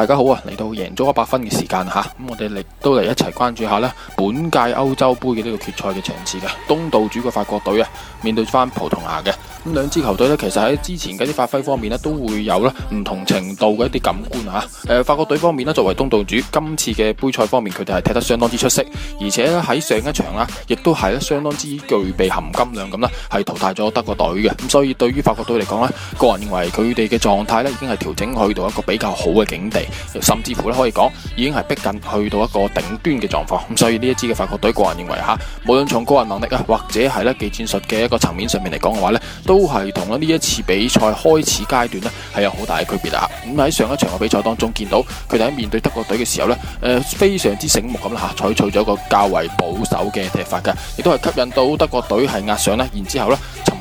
大家好啊！嚟到贏咗一百分嘅時間吓，咁我哋嚟都嚟一齊關注下咧，本屆歐洲杯嘅呢個決賽嘅場次嘅東道主嘅法國隊啊，面對翻葡萄牙嘅。咁兩支球隊咧，其實喺之前嘅啲發揮方面咧，都會有咧唔同程度嘅一啲感官吓。誒、啊呃，法國隊方面呢，作為東道主，今次嘅杯賽方面，佢哋係踢得相當之出色，而且咧喺上一場啊，亦都係咧相當之具備含金量咁啦，係淘汰咗德國隊嘅。咁所以對於法國隊嚟講咧，個人認為佢哋嘅狀態咧，已經係調整去到一個比較好嘅境地，甚至乎咧可以講已經係逼近去到一個頂端嘅狀況。咁所以呢一支嘅法國隊，個人認為吓，無論從個人能力啊，或者係咧技戰術嘅一個層面上面嚟講嘅話咧，都係同呢一次比賽開始階段呢係有好大嘅區別啦，咁喺上一場嘅比賽當中，見到佢哋喺面對德國隊嘅時候呢、呃、非常之醒目，咁吓採取咗一個較為保守嘅踢法嘅，亦都係吸引到德國隊係壓上啦，然之後呢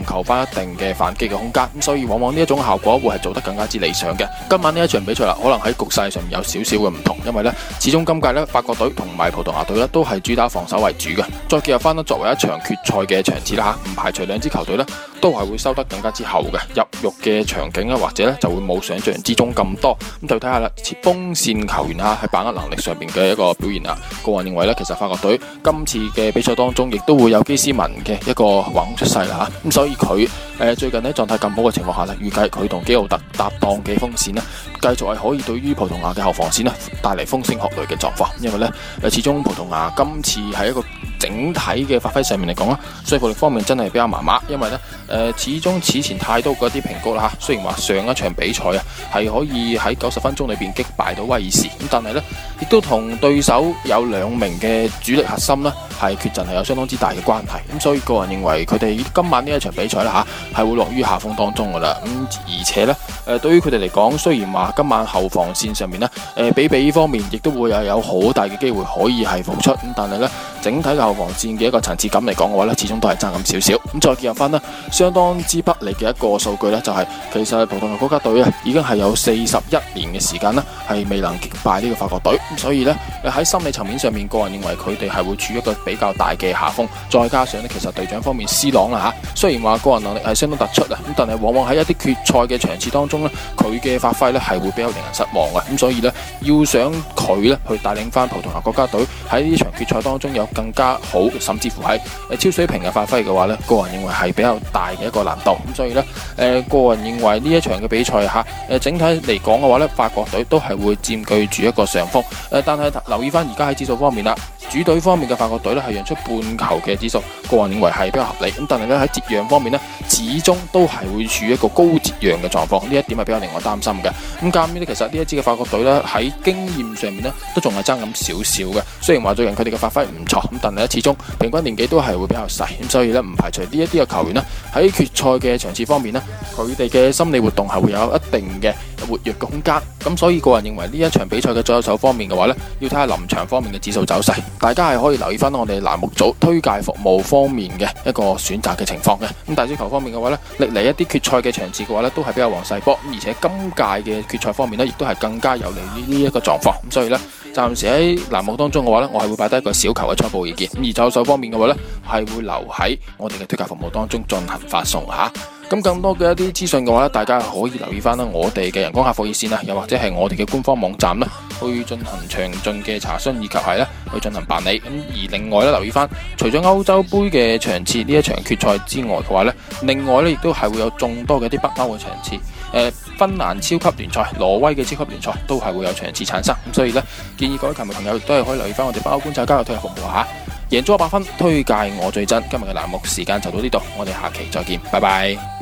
求翻一定嘅反擊嘅空間，咁所以往往呢一種效果會係做得更加之理想嘅。今晚呢一場比賽啦，可能喺局勢上邊有少少嘅唔同，因為呢始終今屆呢，法國隊同埋葡萄牙隊呢都係主打防守為主嘅。再結合翻啦，作為一場決賽嘅場次啦吓，唔排除兩支球隊呢都係會收得更加之厚嘅入獄嘅場景啊，或者呢就會冇想象之中咁多。咁就睇下啦，鋒線球員啊喺把握能力上面嘅一個表現啦，個人認為呢，其實法國隊今次嘅比賽當中，亦都會有基斯文嘅一個橫空出世啦吓，咁所以。佢誒、呃、最近咧狀態咁好嘅情況下咧，預計佢同基奧特搭檔嘅鋒線咧，繼續係可以對於葡萄牙嘅後防線咧帶嚟風聲鶴唳嘅狀況，因為咧誒，始終葡萄牙今次係一個。整體嘅發揮上面嚟講啊，說服力方面真係比較麻麻，因為咧誒、呃，始終此前太多嗰啲平局啦吓。雖然話上一場比賽啊係可以喺九十分鐘裏邊擊敗到威爾士，咁但係咧亦都同對手有兩名嘅主力核心咧係缺陣，係有相當之大嘅關係。咁所以個人認為佢哋今晚呢一場比賽啦吓係會落於下風當中噶啦。咁而且咧誒、呃，對於佢哋嚟講，雖然話今晚後防線上面咧誒、呃、比比方面亦都會又有好大嘅機會可以係付出，咁但係咧。整體嘅後防線嘅一個層次感嚟講嘅話咧，始終都係爭咁少少。咁再結合翻咧，相當之不利嘅一個數據呢、就是，就係其實葡萄牙國家隊咧已經係有四十一年嘅時間呢係未能擊敗呢個法國隊。咁所以呢，喺心理層面上面，個人認為佢哋係會處於一個比較大嘅下風。再加上呢，其實隊長方面 C 朗啦嚇，雖然話個人能力係相當突出啊，咁但係往往喺一啲決賽嘅場次當中呢，佢嘅發揮呢係會比較令人失望嘅。咁所以呢，要想佢咧去帶領翻葡萄牙國家隊喺呢場決賽當中有更加好，甚至乎係超水平嘅發揮嘅話咧，個人認為係比較大嘅一個難度。咁所以呢，誒個人認為呢一場嘅比賽嚇，誒整體嚟講嘅話咧，法國隊都係會佔據住一個上風。誒，但係留意翻而家喺指數方面啦。主隊方面嘅法國隊呢，係讓出半球嘅指數，個人認為係比較合理。咁但係咧喺折讓方面呢，始終都係會處於一個高折讓嘅狀況，呢一點係比較令我擔心嘅。咁加埋呢，其實呢一支嘅法國隊呢，喺經驗上面呢，都仲係爭咁少少嘅。雖然話最近佢哋嘅發揮唔錯，咁但係呢，始終平均年紀都係會比較細，咁所以呢，唔排除呢一啲嘅球員呢，喺決賽嘅場次方面呢，佢哋嘅心理活動係會有一定嘅。活躍嘅空間，咁所以個人認為呢一場比賽嘅左右手方面嘅話呢，要睇下臨場方面嘅指數走勢。大家係可以留意翻我哋欄目組推介服務方面嘅一個選擇嘅情況嘅。咁大小球方面嘅話呢，歷嚟一啲決賽嘅場次嘅話呢，都係比較黃細波，而且今屆嘅決賽方面呢，亦都係更加有利於呢一個狀況。咁所以呢，暫時喺欄目當中嘅話呢，我係會擺低一個小球嘅初步意見。而左右手方面嘅話呢，係會留喺我哋嘅推介服務當中進行發送吓。咁更多嘅一啲資訊嘅話，大家可以留意翻啦。我哋嘅人工客服熱線啊，又或者係我哋嘅官方網站啦，去進行詳盡嘅查詢，以及係咧去進行辦理。咁而另外咧，留意翻除咗歐洲杯嘅場次呢一場決賽之外嘅話呢，另外咧亦都係會有眾多嘅一啲北歐嘅場次。誒、呃，芬蘭超級聯賽、挪威嘅超級聯賽都係會有場次產生。咁所以呢，建議各位球迷朋友都係可以留意翻我哋北歐觀賽交友推介服務嚇。贏咗一百分，推介我最真。今日嘅欄目時間就到呢度，我哋下期再見，拜拜。